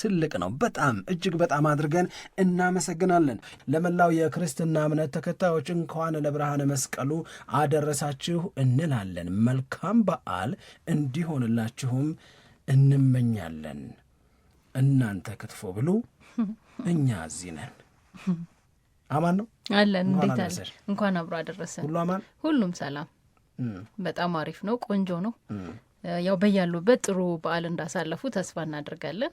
ትልቅ ነው። በጣም እጅግ በጣም አድርገን እናመሰግናለን። ለመላው የክርስትና እምነት ተከታዮች እንኳን ለብርሃነ መስቀሉ አደረሳችሁ እንላለን። መልካም በዓል እንዲሆንላችሁም እንመኛለን። እናንተ ክትፎ ብሉ፣ እኛ እዚህ ነን። አማን ነው አለን። እንዴት አለ? እንኳን አብሮ አደረሰን። ሁሉ አማን፣ ሁሉም ሰላም። በጣም አሪፍ ነው። ቆንጆ ነው። ያው በያሉበት ጥሩ በዓል እንዳሳለፉ ተስፋ እናደርጋለን።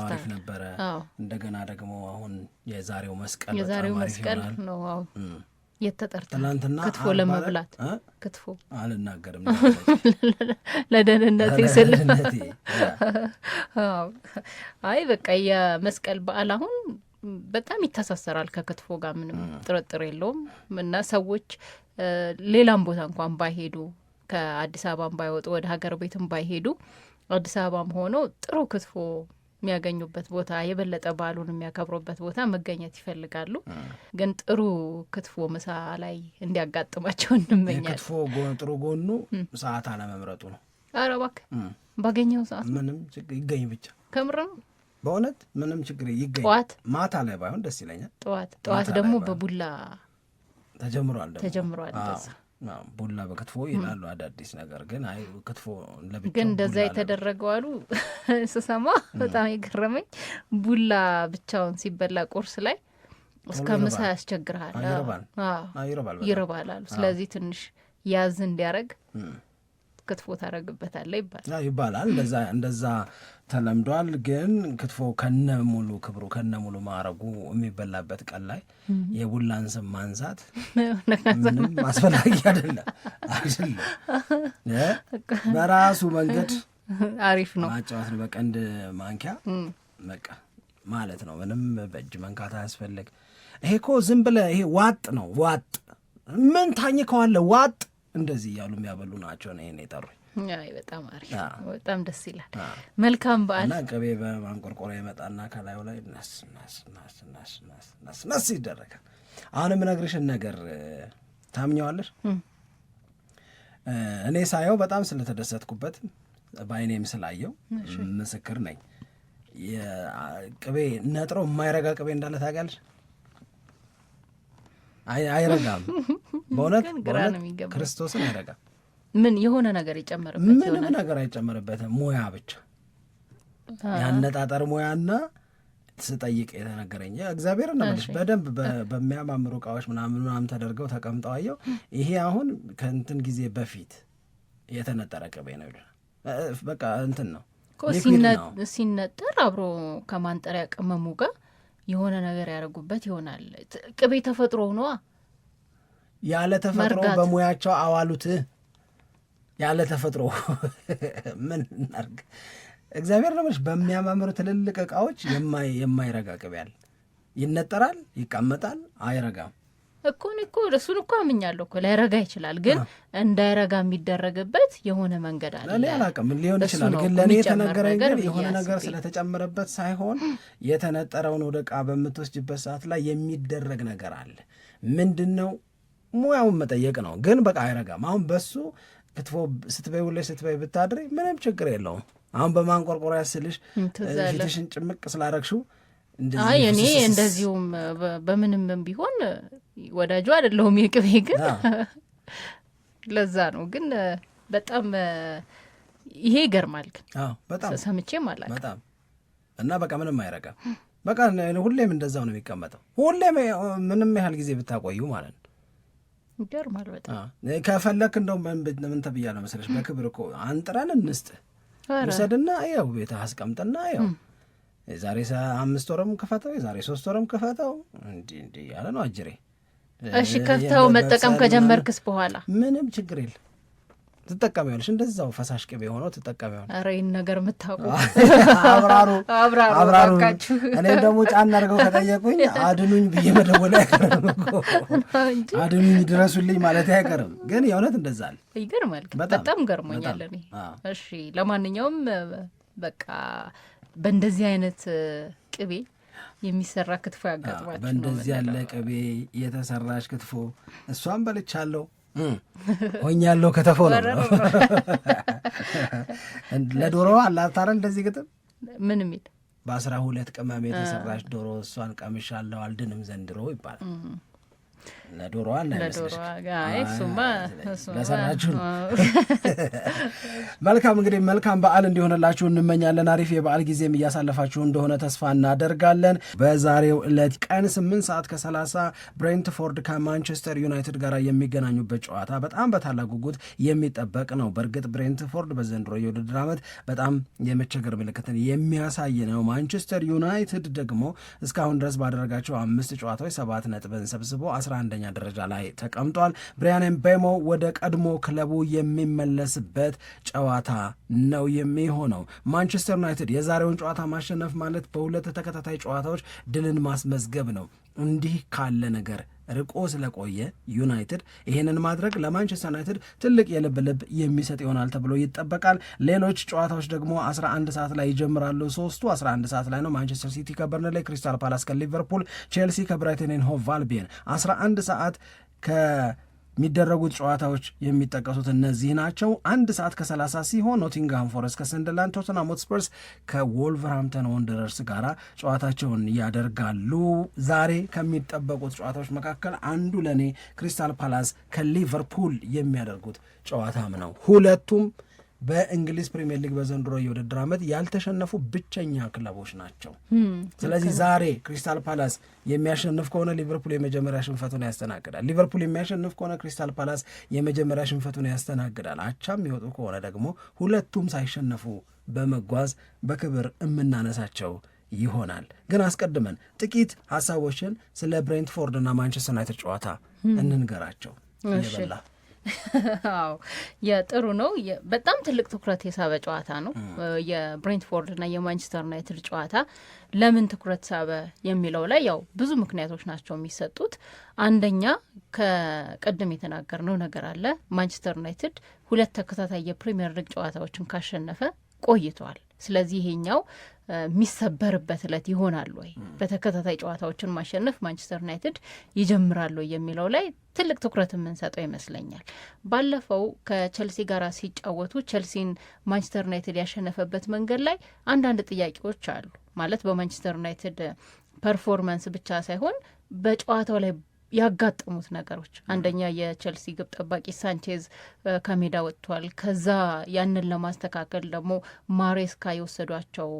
አሪፍ ነበረ። እንደገና ደግሞ አሁን የዛሬው መስቀል የዛሬው መስቀል ነው። አዎ ክትፎ ለመብላት ክትፎ አልናገርም ለደህንነት ስል አይ በቃ የመስቀል በዓል አሁን በጣም ይተሳሰራል ከክትፎ ጋር ምንም ጥርጥር የለውም። እና ሰዎች ሌላም ቦታ እንኳን ባይሄዱ ከአዲስ አበባም ባይወጡ ወደ ሀገር ቤትም ባይሄዱ አዲስ አበባም ሆነው ጥሩ ክትፎ የሚያገኙበት ቦታ የበለጠ በዓሉን የሚያከብሩበት ቦታ መገኘት ይፈልጋሉ። ግን ጥሩ ክትፎ ምሳ ላይ እንዲያጋጥማቸው እንመኛለን። ክትፎ ጥሩ ጎኑ ሰዓት አለመምረጡ ነው። ኧረ እባክህ ባገኘው ሰዓት ምንም ችግር ይገኝ ብቻ ከምር ነው በእውነት ምንም ችግር ይገኝ። ጠዋት ማታ ላይ ባይሆን ደስ ይለኛል። ጠዋት ጠዋት ደግሞ በቡላ ተጀምሯል ተጀምሯል ቡላ በክትፎ ይላሉ አዳዲስ ነገር ግን አይ ክትፎ ለብቻው ግን እንደዛ የተደረገው አሉ ስሰማ በጣም የገረመኝ ቡላ ብቻውን ሲበላ ቁርስ ላይ እስከ ምሳ ያስቸግርሃል፣ ይርባል አሉ። ስለዚህ ትንሽ ያዝ እንዲያረግ ክትፎ ታረግበታለ ይባላል ይባላል እንደዛ ተለምዷል። ግን ክትፎ ከነ ሙሉ ክብሩ ከነ ሙሉ ማዕረጉ የሚበላበት ቀን ላይ የቡላን ስም ማንሳት ምንም አስፈላጊ አይደለም በራሱ መንገድ አሪፍ ነው ማጫወት ነው በቀንድ ማንኪያ በቃ ማለት ነው። ምንም በእጅ መንካት አያስፈልግ። ይሄ እኮ ዝም ብለህ ይሄ ዋጥ ነው ዋጥ ምን ታኝከዋለህ? ዋጥ እንደዚህ እያሉ የሚያበሉ ናቸው ነው ይሄን የጠሩኝ በጣም አሪፍ በጣም ደስ ይላል። መልካም በዓል እና ቅቤ በማንቆርቆሪያ ይመጣና ከላዩ ላይ ናስ ናስ ይደረጋል። አሁን የምነግርሽን ነገር ታምኘዋለሽ። እኔ ሳየው በጣም ስለተደሰትኩበት በአይኔም ስላየው ምስክር ነኝ። ቅቤ ነጥሮ የማይረጋ ቅቤ እንዳለ ታውቂያለሽ። አይረጋም፣ በእውነት ክርስቶስን አይረጋም። ምን የሆነ ነገር ይጨመርበት ምንም ነገር አይጨመርበትም። ሙያ ብቻ ያነጣጠር ሙያና ስጠይቅ የተነገረኝ እግዚአብሔር እናመልሽ በደንብ በሚያማምሩ እቃዎች ምናምን ምናምን ተደርገው ተቀምጠው አየው። ይሄ አሁን ከእንትን ጊዜ በፊት የተነጠረ ቅቤ ነው ይሉናል። በቃ እንትን ነው ሲነጠር አብሮ ከማንጠሪያ ቅመሙ ጋር የሆነ ነገር ያደረጉበት ይሆናል። ቅቤ ተፈጥሮ ነዋ። ያለ ተፈጥሮ በሙያቸው አዋሉትህ ያለ ተፈጥሮ ምን እናርግ? እግዚአብሔር ነው የምልሽ። በሚያማምሩ ትልልቅ እቃዎች የማይረጋ ቅቤያል ይነጠራል፣ ይቀመጣል፣ አይረጋም። እኮን እኮ እሱን እኮ አምኛለሁ እኮ ላይረጋ ይችላል፣ ግን እንዳይረጋ የሚደረግበት የሆነ መንገድ አለ። እኔ አላውቅም ሊሆን ይችላል፣ ግን ለእኔ የተነገረኝ ግን የሆነ ነገር ስለተጨመረበት ሳይሆን የተነጠረውን ወደ ዕቃ በምትወስጅበት ሰዓት ላይ የሚደረግ ነገር አለ። ምንድን ነው ሙያውን መጠየቅ ነው። ግን በቃ አይረጋም። አሁን በሱ ክትፎ ስትበይ ውለሽ ስትበይ ብታድሪ ምንም ችግር የለውም። አሁን በማንቆርቆሪያ ያስልሽ ፊትሽን ጭምቅ ስላረግሽው አይ እኔ እንደዚሁም በምንም ቢሆን ወዳጁ አይደለሁም የቅቤ ግን ለዛ ነው ግን በጣም ይሄ ይገርማል። ግን በጣም ሰምቼም አላውቅም በጣም እና በቃ ምንም አይረቀም። በቃ ሁሌም እንደዛው ነው የሚቀመጠው። ሁሌም ምንም ያህል ጊዜ ብታቆዩ ማለት ነው ይገርማል በጣም ከፈለክ እንደው ምን ተብያለሁ መሰለሽ በክብር እኮ አንጥረን እንስጥ ውሰድና ያው ቤት አስቀምጥና ያው የዛሬ አምስት ወርም ክፈተው የዛሬ ሶስት ወርም ክፈተው እንዲህ እንዲህ ያለ ነው አጅሬ እሺ ከፍተው መጠቀም ከጀመርክስ በኋላ ምንም ችግር የለም ትጠቀሚ ሆንሽ እንደዛው ፈሳሽ ቅቤ ሆኖ ትጠቀሚ ሆን ረይን ነገር የምታውቁ አብራሩ አብራሩ። እኔም ደግሞ ጫን አድርገው ከጠየቁኝ አድኑኝ ብዬ መደወል አይቀርም፣ አድኑኝ ድረሱልኝ ማለት አይቀርም። ግን የእውነት እንደዛ አለ። ይገርማል። በጣም ገርሞኛል እኔ። እሺ ለማንኛውም በቃ በእንደዚህ አይነት ቅቤ የሚሰራ ክትፎ ያጋጥማችሁ። በእንደዚህ ያለ ቅቤ የተሰራሽ ክትፎ እሷን በልቻለሁ። ሆኛለሁ ከተፎ ነው። ለዶሮዋ አላት እንደዚህ ግጥም ምን የሚል በአስራ ሁለት ቅመም የተሰራች ዶሮ እሷን ቀምሻለሁ አልድንም ዘንድሮ ይባላል። ለዶሮዋ ለሰራችሁ መልካም እንግዲህ መልካም በዓል እንዲሆንላችሁ እንመኛለን። አሪፍ የበዓል ጊዜም እያሳለፋችሁ እንደሆነ ተስፋ እናደርጋለን። በዛሬው ዕለት ቀን ስምንት ሰዓት ከሰላሳ ብሬንትፎርድ ከማንቸስተር ዩናይትድ ጋር የሚገናኙበት ጨዋታ በጣም በታላቅ ጉጉት የሚጠበቅ ነው። በእርግጥ ብሬንትፎርድ በዘንድሮ የውድድር ዓመት በጣም የመቸገር ምልክትን የሚያሳይ ነው። ማንቸስተር ዩናይትድ ደግሞ እስካሁን ድረስ ባደረጋቸው አምስት ጨዋታዎች ሰባት ነጥብን ሰብስቦ 11ኛ ደረጃ ላይ ተቀምጧል። ብሪያን ኤምቤሞ ወደ ቀድሞ ክለቡ የሚመለስበት ጨዋታ ነው የሚሆነው። ማንቸስተር ዩናይትድ የዛሬውን ጨዋታ ማሸነፍ ማለት በሁለት ተከታታይ ጨዋታዎች ድልን ማስመዝገብ ነው። እንዲህ ካለ ነገር ርቆ ስለቆየ ዩናይትድ ይህንን ማድረግ ለማንቸስተር ዩናይትድ ትልቅ የልብ ልብ የሚሰጥ ይሆናል ተብሎ ይጠበቃል። ሌሎች ጨዋታዎች ደግሞ 11 ሰዓት ላይ ይጀምራሉ። ሶስቱ 11 ሰዓት ላይ ነው። ማንቸስተር ሲቲ ከበርንሌይ፣ ክሪስታል ፓላስ ከሊቨርፑል፣ ቼልሲ ከብራይተንን ሆቭ አልቢየን 11 ሰዓት ከ የሚደረጉት ጨዋታዎች የሚጠቀሱት እነዚህ ናቸው። አንድ ሰዓት ከ30 ሲሆን ኖቲንግሃም ፎረስት ከሰንደርላንድ፣ ቶተንሃም ሆትስፐርስ ከወልቨርሃምተን ወንደረርስ ጋር ጨዋታቸውን ያደርጋሉ። ዛሬ ከሚጠበቁት ጨዋታዎች መካከል አንዱ ለእኔ ክሪስታል ፓላስ ከሊቨርፑል የሚያደርጉት ጨዋታም ነው። ሁለቱም በእንግሊዝ ፕሪምየር ሊግ በዘንድሮ የውድድር ዓመት ያልተሸነፉ ብቸኛ ክለቦች ናቸው። ስለዚህ ዛሬ ክሪስታል ፓላስ የሚያሸንፍ ከሆነ ሊቨርፑል የመጀመሪያ ሽንፈቱን ያስተናግዳል። ሊቨርፑል የሚያሸንፍ ከሆነ ክሪስታል ፓላስ የመጀመሪያ ሽንፈቱን ያስተናግዳል። አቻም የሚወጡ ከሆነ ደግሞ ሁለቱም ሳይሸነፉ በመጓዝ በክብር የምናነሳቸው ይሆናል። ግን አስቀድመን ጥቂት ሀሳቦችን ስለ ብሬንትፎርድ እና ማንቸስተር ዩናይትድ ጨዋታ እንንገራቸው ይበላ አዎ የጥሩ ነው። በጣም ትልቅ ትኩረት የሳበ ጨዋታ ነው። የብሬንትፎርድና የማንቸስተር ዩናይትድ ጨዋታ ለምን ትኩረት ሳበ የሚለው ላይ ያው ብዙ ምክንያቶች ናቸው የሚሰጡት። አንደኛ ከቅድም የተናገርነው ነገር አለ። ማንቸስተር ዩናይትድ ሁለት ተከታታይ የፕሪምየር ሊግ ጨዋታዎችን ካሸነፈ ቆይተዋል። ስለዚህ ይሄኛው የሚሰበርበት እለት ይሆናል ወይ፣ በተከታታይ ጨዋታዎችን ማሸነፍ ማንቸስተር ዩናይትድ ይጀምራል ወይ የሚለው ላይ ትልቅ ትኩረት የምንሰጠው ይመስለኛል። ባለፈው ከቸልሲ ጋር ሲጫወቱ ቸልሲን ማንቸስተር ዩናይትድ ያሸነፈበት መንገድ ላይ አንዳንድ ጥያቄዎች አሉ። ማለት በማንቸስተር ዩናይትድ ፐርፎርማንስ ብቻ ሳይሆን በጨዋታው ላይ ያጋጠሙት ነገሮች አንደኛ የቸልሲ ግብ ጠባቂ ሳንቼዝ ከሜዳ ወጥቷል። ከዛ ያንን ለማስተካከል ደግሞ ማሬስካ የወሰዷቸው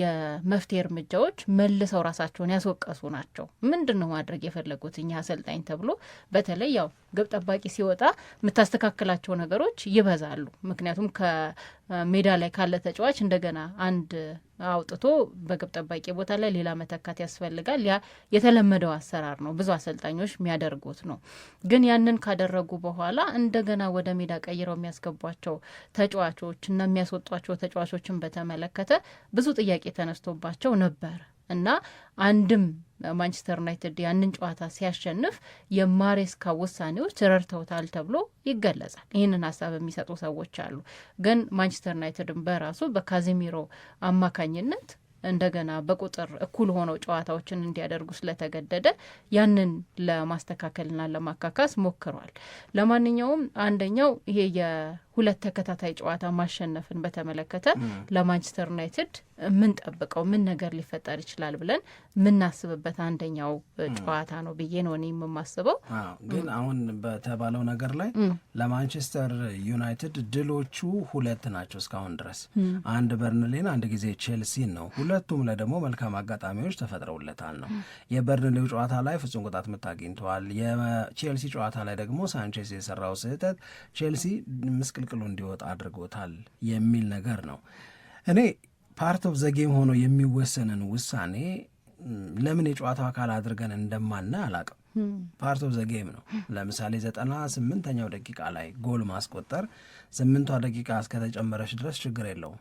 የመፍትሄ እርምጃዎች መልሰው ራሳቸውን ያስወቀሱ ናቸው። ምንድን ነው ማድረግ የፈለጉት እኛ አሰልጣኝ ተብሎ በተለይ ያው ግብ ጠባቂ ሲወጣ የምታስተካክላቸው ነገሮች ይበዛሉ። ምክንያቱም ከሜዳ ላይ ካለ ተጫዋች እንደገና አንድ አውጥቶ በግብ ጠባቂ ቦታ ላይ ሌላ መተካት ያስፈልጋል። ያ የተለመደው አሰራር ነው፣ ብዙ አሰልጣኞች የሚያደርጉት ነው። ግን ያንን ካደረጉ በኋላ እንደገና ወደ ሜዳ ቀይረው የሚያስገቧቸው ተጫዋቾች እና የሚያስወጧቸው ተጫዋቾችን በተመለከተ ብዙ ጥያቄ ጥያቄ ተነስቶባቸው ነበር እና አንድም ማንቸስተር ዩናይትድ ያንን ጨዋታ ሲያሸንፍ የማሬስካ ውሳኔዎች ረድተውታል ተብሎ ይገለጻል። ይህንን ሀሳብ የሚሰጡ ሰዎች አሉ። ግን ማንቸስተር ዩናይትድን በራሱ በካዚሚሮ አማካኝነት እንደገና በቁጥር እኩል ሆነው ጨዋታዎችን እንዲያደርጉ ስለተገደደ ያንን ለማስተካከልና ለማካካስ ሞክሯል። ለማንኛውም አንደኛው ይሄ የሁለት ተከታታይ ጨዋታ ማሸነፍን በተመለከተ ለማንቸስተር ዩናይትድ የምንጠብቀው ምን ነገር ሊፈጠር ይችላል ብለን የምናስብበት አንደኛው ጨዋታ ነው ብዬ ነው እኔ የማስበው። ግን አሁን በተባለው ነገር ላይ ለማንቸስተር ዩናይትድ ድሎቹ ሁለት ናቸው እስካሁን ድረስ አንድ በርንሌን፣ አንድ ጊዜ ቼልሲን ነው ሁለቱም ላይ ደግሞ መልካም አጋጣሚዎች ተፈጥረውለታል ነው። የበርንሌው ጨዋታ ላይ ፍጹም ቅጣት ምት አግኝተዋል። የቼልሲ ጨዋታ ላይ ደግሞ ሳንቼስ የሰራው ስህተት ቼልሲ ምስቅልቅሉ እንዲወጣ አድርጎታል የሚል ነገር ነው። እኔ ፓርት ኦፍ ዘጌም ሆኖ የሚወሰንን ውሳኔ ለምን የጨዋታው አካል አድርገን እንደማነ አላቅም። ፓርት ኦፍ ዘጌም ነው። ለምሳሌ ዘጠና ስምንተኛው ደቂቃ ላይ ጎል ማስቆጠር ስምንቷ ደቂቃ እስከተጨመረች ድረስ ችግር የለውም።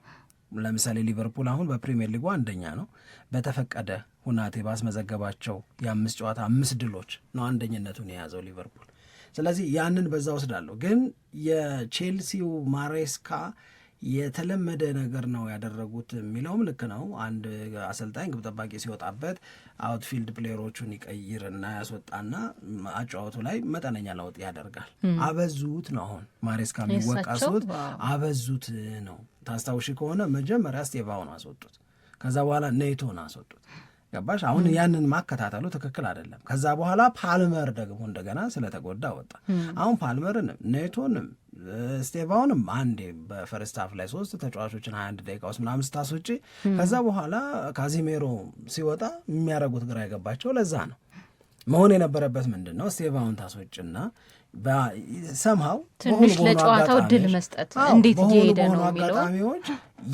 ለምሳሌ ሊቨርፑል አሁን በፕሪሚየር ሊጉ አንደኛ ነው። በተፈቀደ ሁናቴ ባስመዘገባቸው የአምስት ጨዋታ አምስት ድሎች ነው አንደኝነቱን የያዘው ሊቨርፑል። ስለዚህ ያንን በዛ ወስዳለሁ። ግን የቼልሲው ማሬስካ የተለመደ ነገር ነው ያደረጉት የሚለውም ልክ ነው። አንድ አሰልጣኝ ግብ ጠባቂ ሲወጣበት አውትፊልድ ፕሌየሮቹን ይቀይርና ያስወጣና አጫወቱ ላይ መጠነኛ ለውጥ ያደርጋል። አበዙት ነው አሁን ማሬስካ የሚወቀሱት አበዙት ነው። ታስታውሺ ከሆነ መጀመሪያ ስቴቫውን አስወጡት፣ ከዛ በኋላ ኔቶን አስወጡት። ገባሽ አሁን ያንን ማከታተሉ ትክክል አይደለም። ከዛ በኋላ ፓልመር ደግሞ እንደገና ስለተጎዳ ወጣ። አሁን ፓልመርንም ኔቶንም ስቴቫውንም አንዴ በፈርስት ሀፍ ላይ ሶስት ተጫዋቾችን ሀያ አንድ ደቂቃ ውስጥ ምናምን ስታስወጪ ከዛ በኋላ ካዚሜሮ ሲወጣ የሚያደርጉት ግራ የገባቸው ለዛ ነው። መሆን የነበረበት ምንድን ነው? ስቴቫውን ታስወጭና ሰምሃው ትንሽ ለጨዋታው ድል መስጠት እንዴት እየሄደ ነው አጋጣሚዎች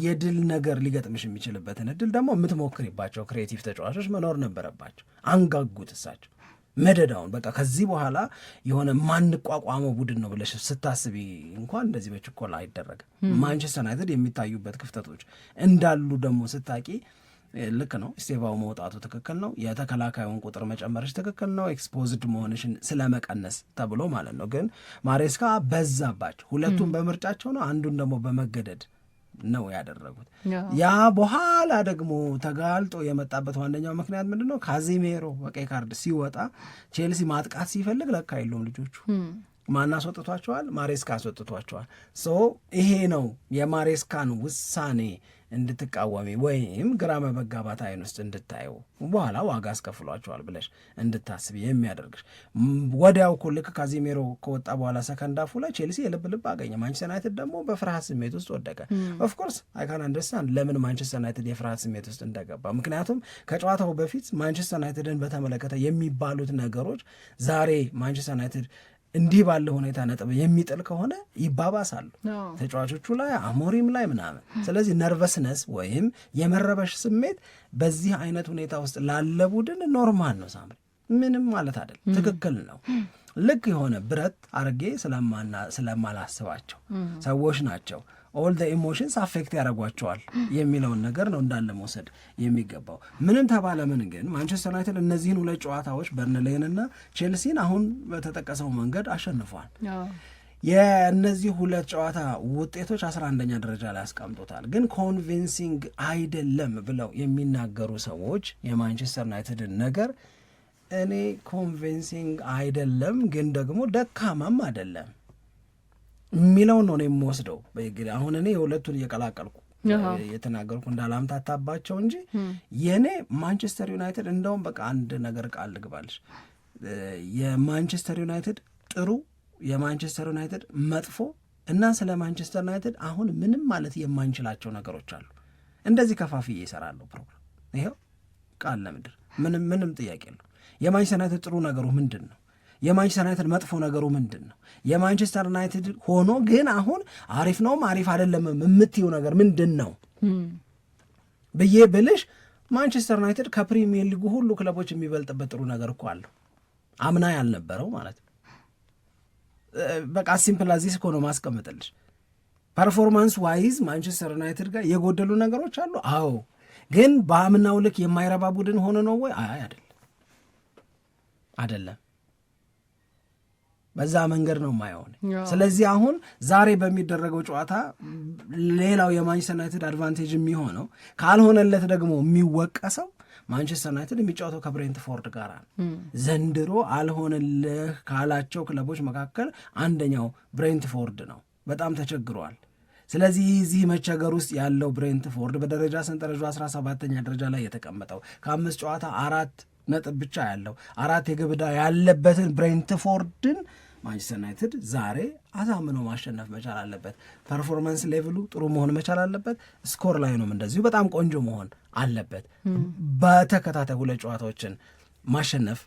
የድል ነገር ሊገጥምሽ የሚችልበትን እድል ደግሞ የምትሞክሪባቸው ክሬቲቭ ተጫዋቾች መኖር ነበረባቸው። አንጋጉት እሳቸው መደዳውን በቃ ከዚህ በኋላ የሆነ ማንቋቋመው ቡድን ነው ብለሽ ስታስቢ እንኳን እንደዚህ በችኮላ አይደረግም። ማንቸስተር ዩናይትድ የሚታዩበት ክፍተቶች እንዳሉ ደግሞ ስታቂ ልክ ነው። ስቴቫው መውጣቱ ትክክል ነው። የተከላካዩን ቁጥር መጨመርሽ ትክክል ነው። ኤክስፖዝድ መሆንሽን ስለመቀነስ ተብሎ ማለት ነው። ግን ማሬስካ በዛባቸው። ሁለቱም በምርጫቸው ነው፣ አንዱን ደግሞ በመገደድ ነው ያደረጉት። ያ በኋላ ደግሞ ተጋልጦ የመጣበት ዋነኛው ምክንያት ምንድን ነው? ካዚሜሮ በቀይ ካርድ ሲወጣ ቼልሲ ማጥቃት ሲፈልግ ለካ የለውም ልጆቹ ማን አስወጥቷቸዋል? ማሬስካ አስወጥቷቸዋል። ሶ ይሄ ነው የማሬስካን ውሳኔ እንድትቃወሚ ወይም ግራ መበጋባት አይን ውስጥ እንድታየው በኋላ ዋጋ አስከፍሏቸዋል ብለሽ እንድታስብ የሚያደርግሽ ወዲያው እኮ ልክ ካዚሜሮ ከወጣ በኋላ ሰከንዳፉ ላይ ቼልሲ የልብ ልብ አገኘ። ማንቸስተር ዩናይትድ ደግሞ በፍርሃት ስሜት ውስጥ ወደቀ። ኦፍኮርስ አይካን አንደርስታንድ ለምን ማንቸስተር ዩናይትድ የፍርሃት ስሜት ውስጥ እንደገባ። ምክንያቱም ከጨዋታው በፊት ማንቸስተር ዩናይትድን በተመለከተ የሚባሉት ነገሮች ዛሬ ማንቸስተር ዩናይትድ እንዲህ ባለ ሁኔታ ነጥብ የሚጥል ከሆነ ይባባሳሉ ተጫዋቾቹ ላይ አሞሪም ላይ ምናምን። ስለዚህ ነርቨስነስ ወይም የመረበሽ ስሜት በዚህ አይነት ሁኔታ ውስጥ ላለ ቡድን ኖርማል ነው። ሳምሪ ምንም ማለት አይደለም፣ ትክክል ነው። ልክ የሆነ ብረት አርጌ ስለማላስባቸው ሰዎች ናቸው ኦል ኢሞሽንስ አፌክት ያደርጓቸዋል የሚለውን ነገር ነው እንዳለ መውሰድ የሚገባው። ምንም ተባለ ምን ግን ማንቸስተር ዩናይትድ እነዚህን ሁለት ጨዋታዎች በርንሌይንና ቼልሲን አሁን በተጠቀሰው መንገድ አሸንፏል። የእነዚህ ሁለት ጨዋታ ውጤቶች አስራ አንደኛ ደረጃ ላይ አስቀምጦታል። ግን ኮንቪንሲንግ አይደለም ብለው የሚናገሩ ሰዎች የማንቸስተር ዩናይትድን ነገር እኔ ኮንቪንሲንግ አይደለም ግን ደግሞ ደካማም አይደለም የሚለውን ነው የምወስደው። በግድ አሁን እኔ የሁለቱን እየቀላቀልኩ የተናገርኩ እንዳላምታታባቸው እንጂ የእኔ ማንቸስተር ዩናይትድ እንደውም በቃ አንድ ነገር ቃል ልግባልሽ፣ የማንቸስተር ዩናይትድ ጥሩ፣ የማንቸስተር ዩናይትድ መጥፎ እና ስለ ማንቸስተር ዩናይትድ አሁን ምንም ማለት የማንችላቸው ነገሮች አሉ። እንደዚህ ከፋፍዬ ይሰራለሁ ፕሮግራም ይኸው ቃል ለምድር ምንም ምንም ጥያቄ ነው። የማንቸስተር ዩናይትድ ጥሩ ነገሩ ምንድን ነው? የማንቸስተር ዩናይትድ መጥፎ ነገሩ ምንድን ነው? የማንቸስተር ዩናይትድ ሆኖ ግን አሁን አሪፍ ነውም አሪፍ አይደለም የምትይው ነገር ምንድን ነው ብዬ ብልሽ ማንቸስተር ዩናይትድ ከፕሪሚየር ሊጉ ሁሉ ክለቦች የሚበልጥበት ጥሩ ነገር እኮ አለው። አምና ያልነበረው ማለት ነው። በቃ ሲምፕላዚስ እኮ ነው ማስቀምጥልሽ። ፐርፎርማንስ ዋይዝ ማንቸስተር ዩናይትድ ጋር የጎደሉ ነገሮች አሉ። አዎ፣ ግን በአምናው ልክ የማይረባ ቡድን ሆነ ነው ወይ? አይ አይደለም፣ አይደለም። በዛ መንገድ ነው የማይሆን። ስለዚህ አሁን ዛሬ በሚደረገው ጨዋታ ሌላው የማንቸስተር ዩናይትድ አድቫንቴጅ የሚሆነው ካልሆነለት ደግሞ የሚወቀሰው ማንቸስተር ዩናይትድ የሚጫወተው ከብሬንትፎርድ ጋር ነው። ዘንድሮ አልሆነልህ ካላቸው ክለቦች መካከል አንደኛው ብሬንትፎርድ ነው። በጣም ተቸግሯል። ስለዚህ እዚህ መቸገር ውስጥ ያለው ብሬንትፎርድ በደረጃ ሰንጠረዡ 17ኛ ደረጃ ላይ የተቀመጠው ከአምስት ጨዋታ አራት ነጥብ ብቻ ያለው አራት የግብዳ ያለበትን ብሬንትፎርድን ማንቸስተር ዩናይትድ ዛሬ አሳምኖ ማሸነፍ መቻል አለበት። ፐርፎርማንስ ሌቭሉ ጥሩ መሆን መቻል አለበት። ስኮር ላይኑም እንደዚሁ በጣም ቆንጆ መሆን አለበት። በተከታታይ ሁለት ጨዋታዎችን ማሸነፍ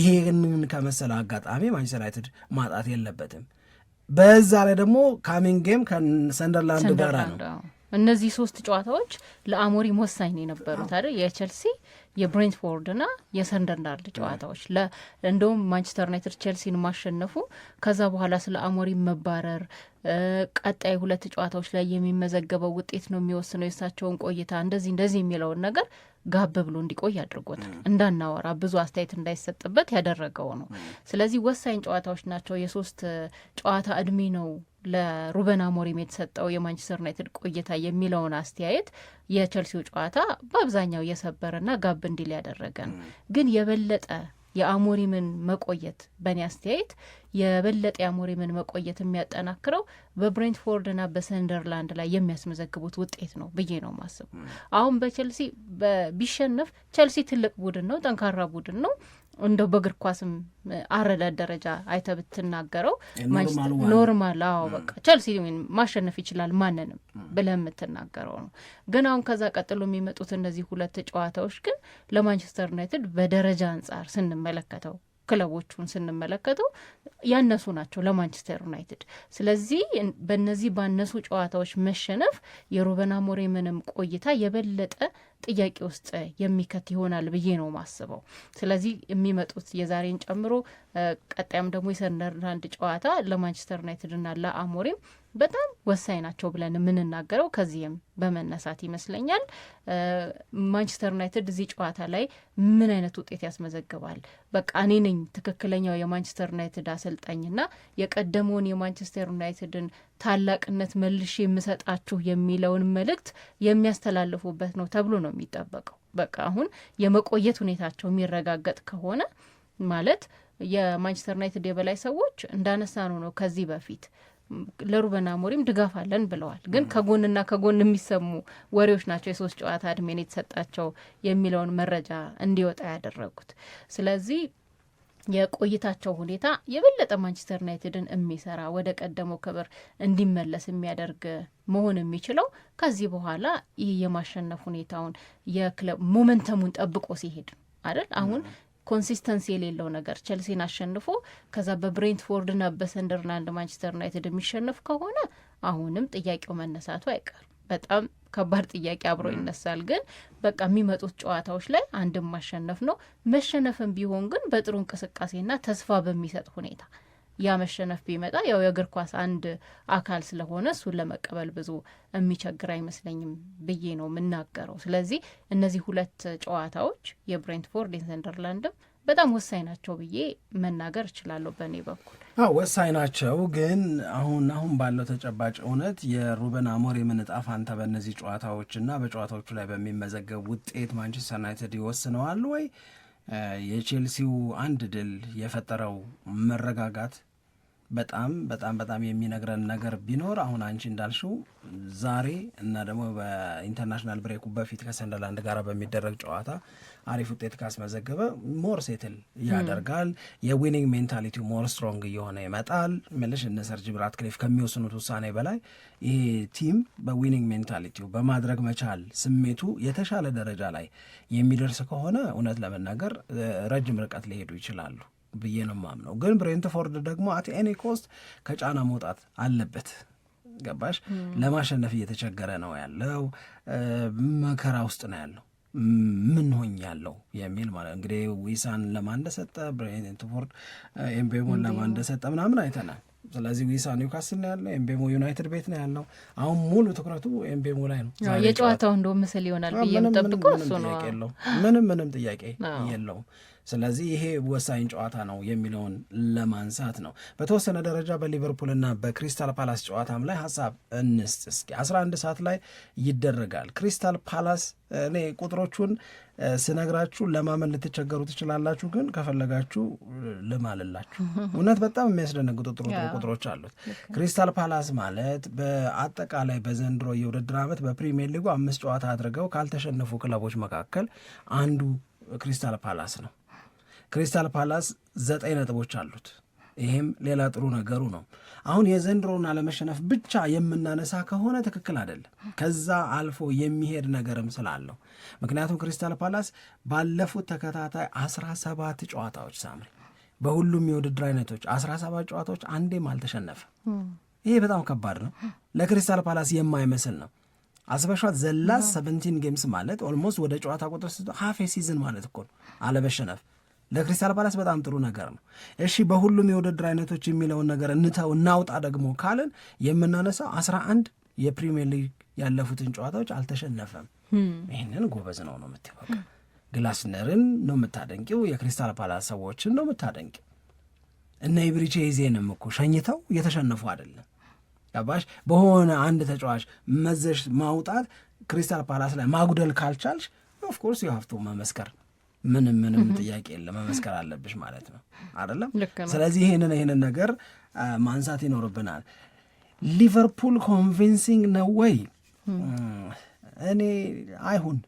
ይሄንን ከመሰለ አጋጣሚ ማንቸስተር ዩናይትድ ማጣት የለበትም። በዛ ላይ ደግሞ ካሚንጌም ከሰንደርላንድ ጋራ ነው። እነዚህ ሶስት ጨዋታዎች ለአሞሪም ወሳኝ ነው የነበሩት አይደል? የቸልሲ የብሬንትፎርድና የሰንደርላንድ ጨዋታዎች እንደውም ማንቸስተር ዩናይትድ ቼልሲን ማሸነፉ ከዛ በኋላ ስለ አሞሪ መባረር ቀጣይ ሁለት ጨዋታዎች ላይ የሚመዘገበው ውጤት ነው የሚወስነው የእሳቸውን ቆይታ እንደዚህ እንደዚህ የሚለውን ነገር ጋብ ብሎ እንዲቆይ አድርጎታል። እንዳናወራ ብዙ አስተያየት እንዳይሰጥበት ያደረገው ነው። ስለዚህ ወሳኝ ጨዋታዎች ናቸው። የሶስት ጨዋታ እድሜ ነው ለሩበን አሞሪም የተሰጠው የማንቸስተር ዩናይትድ ቆይታ የሚለውን አስተያየት የቸልሲው ጨዋታ በአብዛኛው የሰበረና ጋብ እንዲል ያደረገ ነው። ግን የበለጠ የአሞሪምን መቆየት በእኔ አስተያየት የበለጠ የአሞሪምን መቆየት የሚያጠናክረው በብሬንትፎርድና በሰንደርላንድ ላይ የሚያስመዘግቡት ውጤት ነው ብዬ ነው ማስቡ። አሁን በቸልሲ ቢሸነፍ ቸልሲ ትልቅ ቡድን ነው፣ ጠንካራ ቡድን ነው እንደው በእግር ኳስም አረዳድ ደረጃ አይተ ብትናገረው ኖርማል፣ አዎ በቃ ቸልሲ ማሸነፍ ይችላል ማንንም ብለህ የምትናገረው ነው። ግን አሁን ከዛ ቀጥሎ የሚመጡት እነዚህ ሁለት ጨዋታዎች ግን ለማንቸስተር ዩናይትድ በደረጃ አንጻር ስንመለከተው ክለቦቹን ስንመለከተው ያነሱ ናቸው ለማንቸስተር ዩናይትድ። ስለዚህ በእነዚህ ባነሱ ጨዋታዎች መሸነፍ የሩበን አሞሪምንም ቆይታ የበለጠ ጥያቄ ውስጥ የሚከት ይሆናል ብዬ ነው ማስበው። ስለዚህ የሚመጡት የዛሬን ጨምሮ ቀጣይም ደግሞ የሰንደርላንድ ጨዋታ ለማንቸስተር ዩናይትድና ለአሞሪም በጣም ወሳኝ ናቸው ብለን የምንናገረው ከዚህም በመነሳት ይመስለኛል። ማንቸስተር ዩናይትድ እዚህ ጨዋታ ላይ ምን አይነት ውጤት ያስመዘግባል? በቃ እኔ ነኝ ትክክለኛው የማንቸስተር ዩናይትድ አሰልጣኝና የቀደመውን የማንቸስተር ዩናይትድን ታላቅነት መልሼ የምሰጣችሁ የሚለውን መልእክት የሚያስተላልፉበት ነው ተብሎ ነው የሚጠበቀው። በቃ አሁን የመቆየት ሁኔታቸው የሚረጋገጥ ከሆነ ማለት የማንቸስተር ዩናይትድ የበላይ ሰዎች እንዳነሳ ነው ነው ከዚህ በፊት ለሩበን አሞሪም ድጋፍ አለን ብለዋል። ግን ከጎንና ከጎን የሚሰሙ ወሬዎች ናቸው የሶስት ጨዋታ እድሜን የተሰጣቸው የሚለውን መረጃ እንዲወጣ ያደረጉት። ስለዚህ የቆይታቸው ሁኔታ የበለጠ ማንቸስተር ዩናይትድን የሚሰራ ወደ ቀደመው ክብር እንዲመለስ የሚያደርግ መሆን የሚችለው ከዚህ በኋላ ይህ የማሸነፍ ሁኔታውን የክለብ ሞመንተሙን ጠብቆ ሲሄድ አይደል አሁን ኮንሲስተንሲ የሌለው ነገር ቸልሲን አሸንፎ ከዛ ና በሰንደርላንድ ማንቸስተር ዩናይትድ የሚሸነፍ ከሆነ አሁንም ጥያቄው መነሳቱ አይቀርም። በጣም ከባድ ጥያቄ አብሮ ይነሳል። ግን በቃ የሚመጡት ጨዋታዎች ላይ አንድም ማሸነፍ ነው። መሸነፍም ቢሆን ግን በጥሩ እንቅስቃሴና ተስፋ በሚሰጥ ሁኔታ ያ መሸነፍ ቢመጣ ያው የእግር ኳስ አንድ አካል ስለሆነ እሱን ለመቀበል ብዙ የሚቸግር አይመስለኝም ብዬ ነው የምናገረው። ስለዚህ እነዚህ ሁለት ጨዋታዎች የብሬንትፎርድ የሰንደርላንድም በጣም ወሳኝ ናቸው ብዬ መናገር እችላለሁ። በእኔ በኩል አዎ ወሳኝ ናቸው፣ ግን አሁን አሁን ባለው ተጨባጭ እውነት የሩበን አሞሪምን ዕጣ ፈንታ በእነዚህ ጨዋታዎችና በጨዋታዎቹ ላይ በሚመዘገብ ውጤት ማንቸስተር ዩናይትድ ይወስነዋል ወይ? የቼልሲው አንድ ድል የፈጠረው መረጋጋት በጣም በጣም በጣም የሚነግረን ነገር ቢኖር አሁን አንቺ እንዳልሽው ዛሬ እና ደግሞ በኢንተርናሽናል ብሬኩ በፊት ከሰንደርላንድ ጋር በሚደረግ ጨዋታ አሪፍ ውጤት ካስመዘገበ ሞር ሴትል ያደርጋል። የዊኒንግ ሜንታሊቲው ሞር ስትሮንግ እየሆነ ይመጣል። ምልሽ እነ ሰር ጂም ራትክሊፍ ከሚወስኑት ውሳኔ በላይ ይሄ ቲም በዊኒንግ ሜንታሊቲው በማድረግ መቻል ስሜቱ የተሻለ ደረጃ ላይ የሚደርስ ከሆነ እውነት ለመናገር ረጅም ርቀት ሊሄዱ ይችላሉ። ብዬ ነው ማምነው። ግን ብሬንትፎርድ ደግሞ አት ኤኒ ኮስት ከጫና መውጣት አለበት። ገባሽ? ለማሸነፍ እየተቸገረ ነው ያለው፣ መከራ ውስጥ ነው ያለው። ምን ሆኝ ያለው የሚል ማለት እንግዲህ ዊሳን ለማን እንደሰጠ ብሬንትፎርድ ኤምቤሞን ለማን እንደሰጠ ምናምን አይተናል። ስለዚህ ዊሳ ኒውካስል ነው ያለው፣ ኤምቤሞ ዩናይትድ ቤት ነው ያለው። አሁን ሙሉ ትኩረቱ ኤምቤሞ ላይ ነው። የጨዋታው እንደ ምስል ይሆናል ብዬ ጠብቆ እሱ ነው። ምንም ምንም ጥያቄ የለውም። ስለዚህ ይሄ ወሳኝ ጨዋታ ነው የሚለውን ለማንሳት ነው። በተወሰነ ደረጃ በሊቨርፑልና በክሪስታል ፓላስ ጨዋታም ላይ ሀሳብ እንስጥ እስኪ። 11 ሰዓት ላይ ይደረጋል። ክሪስታል ፓላስ እኔ ቁጥሮቹን ስነግራችሁ ለማመን ልትቸገሩ ትችላላችሁ፣ ግን ከፈለጋችሁ ልማልላችሁ። እውነት በጣም የሚያስደነግጡ ጥሩ ጥሩ ቁጥሮች አሉት። ክሪስታል ፓላስ ማለት በአጠቃላይ በዘንድሮ የውድድር ዓመት በፕሪሚየር ሊጉ አምስት ጨዋታ አድርገው ካልተሸነፉ ክለቦች መካከል አንዱ ክሪስታል ፓላስ ነው። ክሪስታል ፓላስ ዘጠኝ ነጥቦች አሉት። ይህም ሌላ ጥሩ ነገሩ ነው። አሁን የዘንድሮን አለመሸነፍ ብቻ የምናነሳ ከሆነ ትክክል አይደለም። ከዛ አልፎ የሚሄድ ነገርም ስላለው ምክንያቱም ክሪስታል ፓላስ ባለፉት ተከታታይ አስራ ሰባት ጨዋታዎች ሳምሪ በሁሉም የውድድር አይነቶች አስራ ሰባት ጨዋታዎች አንዴም አልተሸነፈ። ይሄ በጣም ከባድ ነው። ለክሪስታል ፓላስ የማይመስል ነው። አስበሿት ዘላስ ሰቨንቲን ጌምስ ማለት ኦልሞስት ወደ ጨዋታ ቁጥር ስ ሀፍ ሲዝን ማለት እኮ ነው አለመሸነፍ ለክሪስታል ፓላስ በጣም ጥሩ ነገር ነው። እሺ በሁሉም የውድድር አይነቶች የሚለውን ነገር እንተው እናውጣ ደግሞ ካልን የምናነሳው አስራ አንድ የፕሪሚየር ሊግ ያለፉትን ጨዋታዎች አልተሸነፈም። hmm. ይህንን ጎበዝ ነው ነው የምትበቃ ግላስነርን ነው የምታደንቂው፣ የክሪስታል ፓላስ ሰዎችን ነው የምታደንቂው። እነ ኢብሪቼ ይዜንም እኮ ሸኝተው እየተሸነፉ አይደለም። ገባሽ? በሆነ አንድ ተጫዋች መዘሽ ማውጣት ክሪስታል ፓላስ ላይ ማጉደል ካልቻልሽ ኦፍኮርስ የሀፍቶ መመስከር ምንም ምንም ጥያቄ የለም መመስከር አለብሽ ማለት ነው አይደለም። ስለዚህ ይህንን ይህንን ነገር ማንሳት ይኖርብናል። ሊቨርፑል ኮንቪንሲንግ ነው ወይ? እኔ አይሁን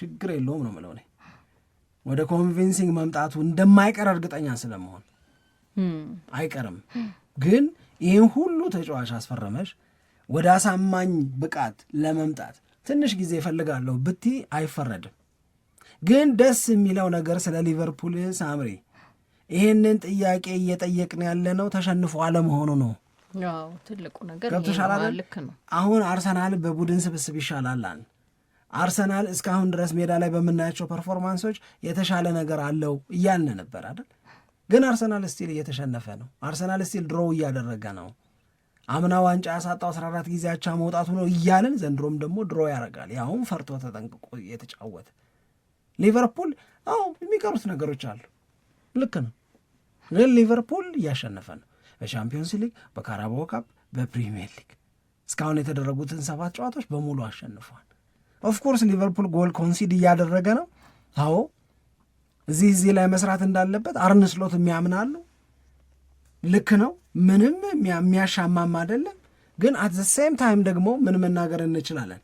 ችግር የለውም ነው የምለው። እኔ ወደ ኮንቪንሲንግ መምጣቱ እንደማይቀር እርግጠኛ ስለመሆን አይቀርም። ግን ይህን ሁሉ ተጫዋች አስፈረመሽ ወደ አሳማኝ ብቃት ለመምጣት ትንሽ ጊዜ እፈልጋለሁ ብቲ አይፈረድም ግን ደስ የሚለው ነገር ስለ ሊቨርፑል ሳምሪ ይህንን ጥያቄ እየጠየቅን ያለ ነው ተሸንፎ አለመሆኑ ነው። ትልቁ ነገር ልክ አሁን አርሰናል በቡድን ስብስብ ይሻላላል። አርሰናል እስካሁን ድረስ ሜዳ ላይ በምናያቸው ፐርፎርማንሶች የተሻለ ነገር አለው እያልን ነበር አይደል? ግን አርሰናል ስቲል እየተሸነፈ ነው። አርሰናል ስቲል ድሮ እያደረገ ነው። አምና ዋንጫ ያሳጣው 14 ጊዜያቻ መውጣቱ ነው እያልን ዘንድሮም ደግሞ ድሮ ያደርጋል። ያውም ፈርቶ ተጠንቅቆ እየተጫወተ ሊቨርፑል አዎ የሚቀሩት ነገሮች አሉ። ልክ ነው፣ ግን ሊቨርፑል እያሸነፈ ነው። በሻምፒዮንስ ሊግ፣ በካራባ ካፕ፣ በፕሪሚየር ሊግ እስካሁን የተደረጉትን ሰባት ጨዋታዎች በሙሉ አሸንፏል። ኦፍኮርስ ሊቨርፑል ጎል ኮንሲድ እያደረገ ነው። አዎ እዚህ እዚህ ላይ መስራት እንዳለበት አርነ ስሎት የሚያምናሉ። ልክ ነው። ምንም የሚያሻማም አይደለም። ግን አት ዘ ሴም ታይም ደግሞ ምን መናገር እንችላለን?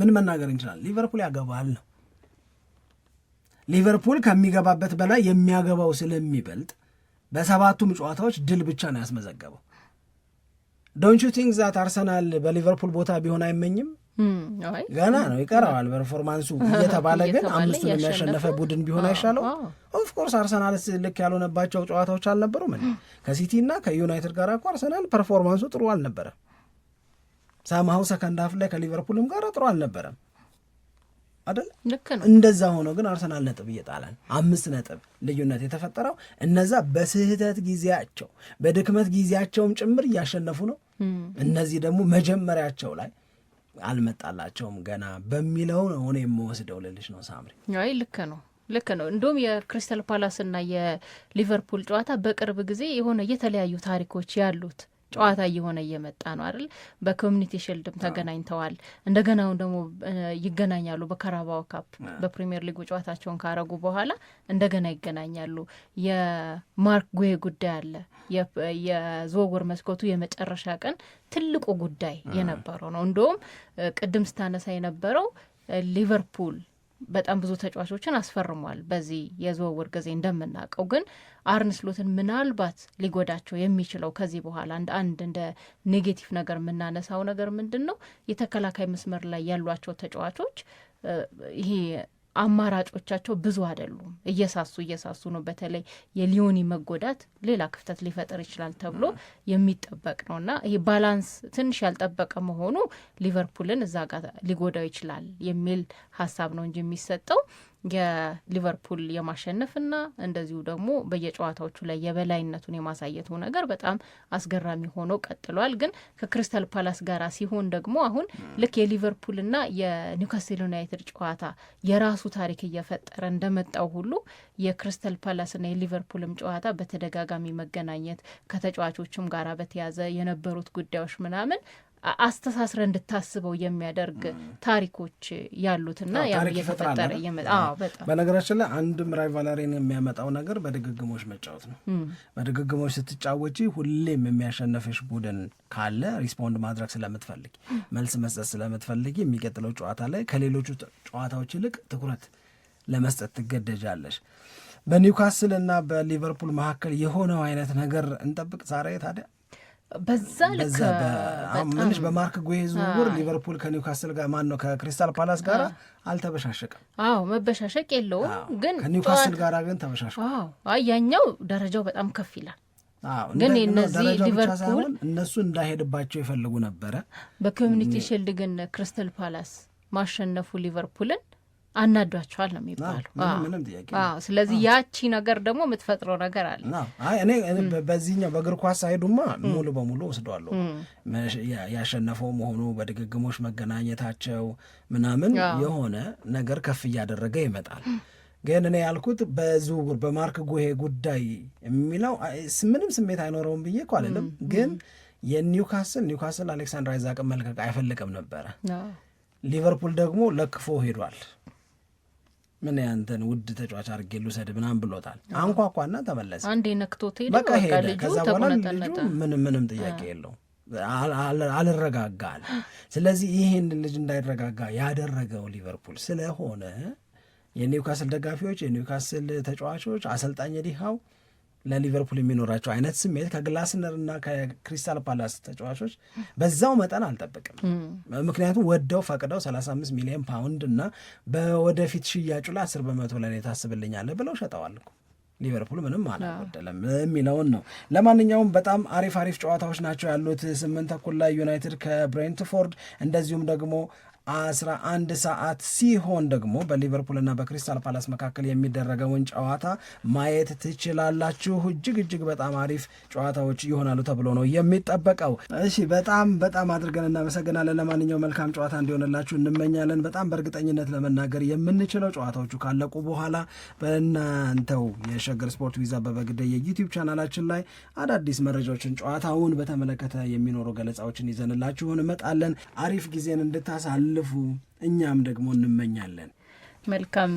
ምን መናገር እንችላለን? ሊቨርፑል ያገባል ነው ሊቨርፑል ከሚገባበት በላይ የሚያገባው ስለሚበልጥ በሰባቱም ጨዋታዎች ድል ብቻ ነው ያስመዘገበው። ዶንቹ ቲንክ ዛት አርሰናል በሊቨርፑል ቦታ ቢሆን አይመኝም። hmm, ገና ነው ይቀረዋል፣ ፐርፎርማንሱ እየተባለ ግን አምስቱን የሚያሸነፈ ቡድን ቢሆን አይሻለው? ኦፍኮርስ አርሰናል ልክ ያልሆነባቸው ጨዋታዎች አልነበሩም። ከሲቲ እና ከዩናይትድ ጋር እኮ አርሰናል ፐርፎርማንሱ ጥሩ አልነበረም። ሰማሁ ሰከንድ ሀፍ ላይ ከሊቨርፑልም ጋር ጥሩ አልነበረም። አይደል? እንደዛ ሆኖ ግን አርሰናል ነጥብ እየጣላን አምስት ነጥብ ልዩነት የተፈጠረው እነዛ በስህተት ጊዜያቸው በድክመት ጊዜያቸውም ጭምር እያሸነፉ ነው። እነዚህ ደግሞ መጀመሪያቸው ላይ አልመጣላቸውም ገና በሚለው ነው የምወስደው ልልሽ ነው። ሳምሪ አይ ልክ ነው ልክ ነው። እንዲሁም የክሪስታል ፓላስና የሊቨርፑል ጨዋታ በቅርብ ጊዜ የሆነ የተለያዩ ታሪኮች ያሉት ጨዋታ እየሆነ እየመጣ ነው አይደል? በኮሚኒቲ ሽልድም ተገናኝተዋል። እንደገና ደግሞ ይገናኛሉ በካራባው ካፕ በፕሪሚየር ሊጉ ጨዋታቸውን ካረጉ በኋላ እንደገና ይገናኛሉ። የማርክ ጉሄ ጉዳይ አለ። የዝውውር መስኮቱ የመጨረሻ ቀን ትልቁ ጉዳይ የነበረው ነው። እንደውም ቅድም ስታነሳ የነበረው ሊቨርፑል በጣም ብዙ ተጫዋቾችን አስፈርሟል በዚህ የዝውውር ጊዜ እንደምናውቀው። ግን አርንስሎትን ምናልባት ሊጎዳቸው የሚችለው ከዚህ በኋላ እንደ አንድ እንደ ኔጌቲቭ ነገር የምናነሳው ነገር ምንድን ነው የተከላካይ መስመር ላይ ያሏቸው ተጫዋቾች ይሄ አማራጮቻቸው ብዙ አይደሉም። እየሳሱ እየሳሱ ነው። በተለይ የሊዮኒ መጎዳት ሌላ ክፍተት ሊፈጥር ይችላል ተብሎ የሚጠበቅ ነው እና ይህ ባላንስ ትንሽ ያልጠበቀ መሆኑ ሊቨርፑልን እዛ ጋር ሊጎዳው ይችላል የሚል ሀሳብ ነው እንጂ የሚሰጠው የሊቨርፑል የማሸነፍና እንደዚሁ ደግሞ በየጨዋታዎቹ ላይ የበላይነቱን የማሳየቱ ነገር በጣም አስገራሚ ሆኖ ቀጥሏል። ግን ከክሪስታል ፓላስ ጋር ሲሆን ደግሞ አሁን ልክ የሊቨርፑልና የኒውካስል ዩናይትድ ጨዋታ የራሱ ታሪክ እየፈጠረ እንደመጣው ሁሉ የክሪስታል ፓላስና የሊቨርፑልም ጨዋታ በተደጋጋሚ መገናኘት ከተጫዋቾችም ጋራ በተያዘ የነበሩት ጉዳዮች ምናምን አስተሳስረ እንድታስበው የሚያደርግ ታሪኮች ያሉትና በነገራችን ላይ አንድም ራይቫለሪን የሚያመጣው ነገር በድግግሞች መጫወት ነው። በድግግሞች ስትጫወቺ ሁሌም የሚያሸነፍሽ ቡድን ካለ ሪስፖንድ ማድረግ ስለምትፈልጊ፣ መልስ መስጠት ስለምትፈልጊ የሚቀጥለው ጨዋታ ላይ ከሌሎቹ ጨዋታዎች ይልቅ ትኩረት ለመስጠት ትገደጃለሽ። በኒውካስል እና በሊቨርፑል መካከል የሆነው አይነት ነገር እንጠብቅ ዛሬ ታዲያ በዛ ልክ በማርክ ጉሄዝ ዝውውር ሊቨርፑል ከኒውካስል ጋር ማን ነው ከክሪስታል ፓላስ ጋር አልተበሻሸቀም። አዎ መበሻሸቅ የለውም፣ ግን ከኒውካስል ጋር ግን ተበሻሸቀ። ያኛው ደረጃው በጣም ከፍ ይላል። ግን እነዚህ ሊቨርፑል እነሱ እንዳይሄድባቸው ይፈልጉ ነበረ። በኮሚኒቲ ሽልድ ግን ክሪስታል ፓላስ ማሸነፉ ሊቨርፑልን አናዷቸዋል ነው የሚባለው። ስለዚህ ያቺ ነገር ደግሞ የምትፈጥረው ነገር አለ። እኔ በዚህኛው በእግር ኳስ ሳይዱማ ሙሉ በሙሉ ወስደዋለሁ። ያሸነፈው መሆኑ በድግግሞች መገናኘታቸው ምናምን የሆነ ነገር ከፍ እያደረገ ይመጣል። ግን እኔ ያልኩት በዝውውር በማርክ ጉሄ ጉዳይ የሚለው ምንም ስሜት አይኖረውም ብዬ እኮ አይደለም። ግን የኒውካስል ኒውካስል አሌክሳንድር አይዛቅን መልቀቅ አይፈልቅም ነበረ። ሊቨርፑል ደግሞ ለክፎ ሄዷል። ምን ያንተን ውድ ተጫዋች አድርጌ ልውሰድ ምናምን ብሎታል። አንኳኳና ተመለሰ። አንዴ ነክቶት በቃ ሄደ። ከዛ በኋላ ልጁ ምንም ምንም ጥያቄ የለው አልረጋጋል። ስለዚህ ይህን ልጅ እንዳይረጋጋ ያደረገው ሊቨርፑል ስለሆነ የኒውካስል ደጋፊዎች፣ የኒውካስል ተጫዋቾች፣ አሰልጣኝ ዲሃው ለሊቨርፑል የሚኖራቸው አይነት ስሜት ከግላስነር ከክሪስታል ፓላስ ተጫዋቾች በዛው መጠን አልጠብቅም። ምክንያቱም ወደው ፈቅደው 35 ሚሊዮን ፓውንድ እና በወደፊት ሽያጩ ላይ 10 በመቶ ለእኔ ታስብልኛለህ ብለው ሸጠዋል። ሊቨርፑል ምንም አላጎደለም የሚለውን ነው። ለማንኛውም በጣም አሪፍ አሪፍ ጨዋታዎች ናቸው ያሉት። ስምንት ተኩል ላይ ዩናይትድ ከብሬንትፎርድ እንደዚሁም ደግሞ 11 ሰዓት ሲሆን ደግሞ በሊቨርፑልና በክሪስታል ፓላስ መካከል የሚደረገውን ጨዋታ ማየት ትችላላችሁ። እጅግ እጅግ በጣም አሪፍ ጨዋታዎች ይሆናሉ ተብሎ ነው የሚጠበቀው። እሺ፣ በጣም በጣም አድርገን እናመሰግናለን። ለማንኛውም መልካም ጨዋታ እንዲሆንላችሁ እንመኛለን። በጣም በእርግጠኝነት ለመናገር የምንችለው ጨዋታዎቹ ካለቁ በኋላ በእናንተው የሸገር ስፖርት ዊዛ በበግደ የዩቲዩብ ቻናላችን ላይ አዳዲስ መረጃዎችን ጨዋታውን በተመለከተ የሚኖሩ ገለጻዎችን ይዘንላችሁ እንመጣለን። አሪፍ ጊዜን እንድታሳል እንዲያሳልፉ እኛም ደግሞ እንመኛለን። መልካም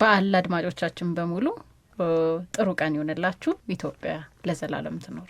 በዓል አድማጮቻችን በሙሉ ጥሩ ቀን ይሆንላችሁ። ኢትዮጵያ ለዘላለም ትኖር።